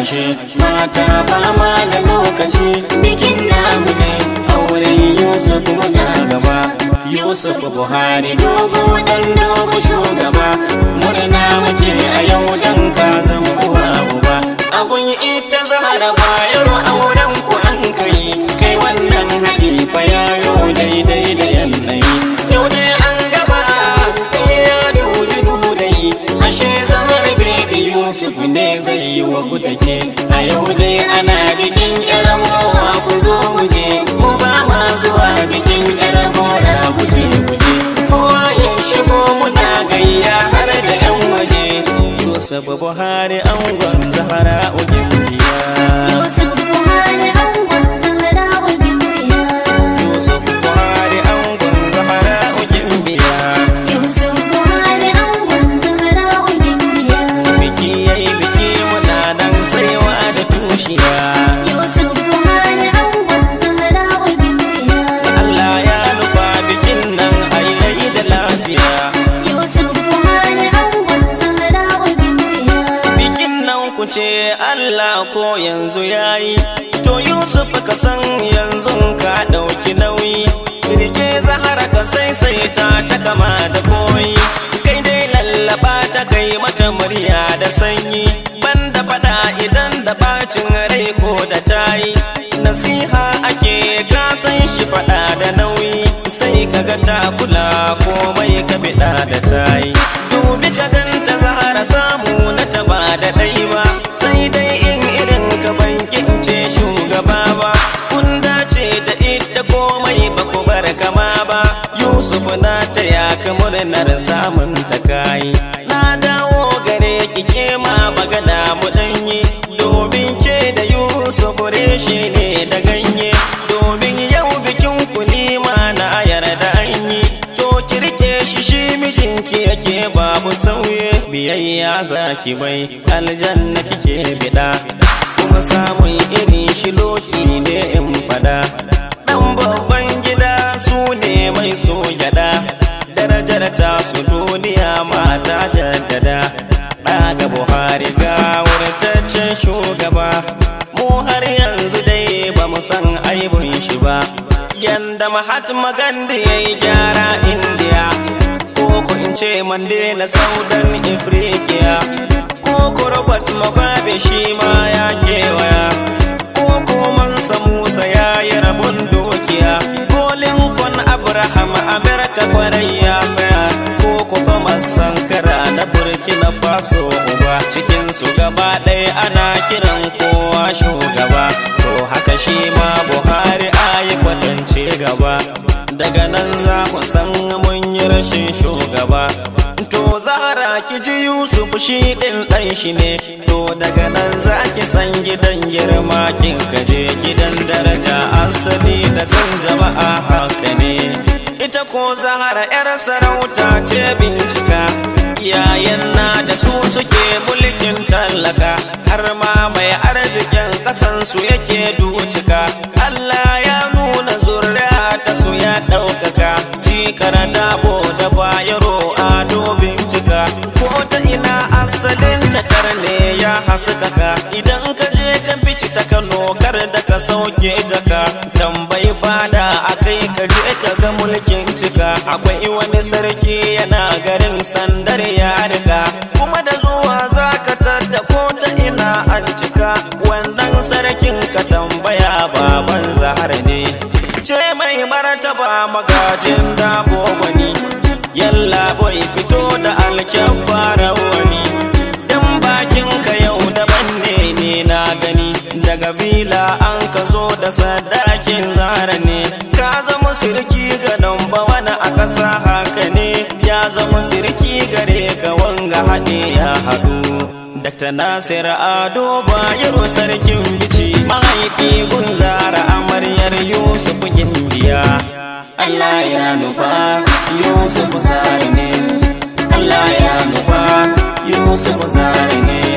ashe mata ba ma da lokaci bikin namu ne auren yusuf muna gaba yusuf buhari dogo dan dogo zai wa ku take a yau dai ana bikin ƙyaramowa ku zo mu je mu ba ma zuwa bikin ƙyaramora mu je mu je kowa ya shigo muna gayya har da yan waje Yusuf Buhari angon Zahara Ogin Biya Allah ko yanzu yayi to Yusuf ka san yanzu ka ɗauki nauyi kirge zahara ka saisaita ta kama da koyi kai dai lallaba ta kai mata murya da sanyi banda fada idan da bacin rai ko da tayi nasiha ake ka san shi fada da nauyi sai kaga ta kula komai ka bida da tayi dubi ka ganta zahara sa ba yusuf na taya ka murnar samun ta kayi na dawo gare ki ke kema magana mu danyi domin ke da yusuf reshe ne da ganye domin yau bikin ku ma na yarda an yi to kirke shi shi shi mijinki yake babu sauye biyayya zaki bai aljanna kike bida kuma samun irin shi loki ne in fada dan babban gida su ne mai so yada darajar ta su duniya mata jaddada ga buhari ga wurtaccen shugaba mu har yanzu dai ba mu san aibun shi ba yanda mahatma gandhi ya yi gyara indiya ko in ce mandela saudan afirka ko robert mugabe shi ma ya kewaya ko ko mansa musa ya yi rabon duniya ta kwarai ya tsaya ko kufa masankara na burkina faso uba cikin su gaba ɗaya ana kiran kowa shugaba to haka shi ma buhari ayi kwatance gaba daga nan za ku san mun yi rashin shugaba to zahara ki ji yusuf shi ɗin ɗan shi ne to daga nan za ki san gidan girma kin kaje gidan daraja asali da san jama'a ko zahara yar sarauta ce bincika iyayen na da su suke mulkin tallaka har ma mai arzikin kasansu yake ducika Allah ya nuna zuriya ta su ya ɗaukaka jikar dabo da bayaro a bincika bincika. ko ta ina asalin takar ne ya haskaka idan ka je ka bici ta kano ka sauke jaka tambayi fada akai ka je ka ga mulkin cika akwai wani sarki yana garin sandar ya riga kuma da zuwa za ka tadda ko ta ina an cika wannan sarkin ka tambaya baban zahar ne ce mai martaba magajin dabo gwani yalla boy fito da alkyau ni daga vila an ka zo da sadakin zara ne ka zama sirki ga damba wani a ƙasa haka ne ya zama sirki gare ka wanga haɗe ya haɗu Dr. Nasir Ado Bayero sarkin bici mahaifi gunzara amaryar Yusuf Indiya Allah ya nufa Yusuf zare Allah ya nufa Yusuf ne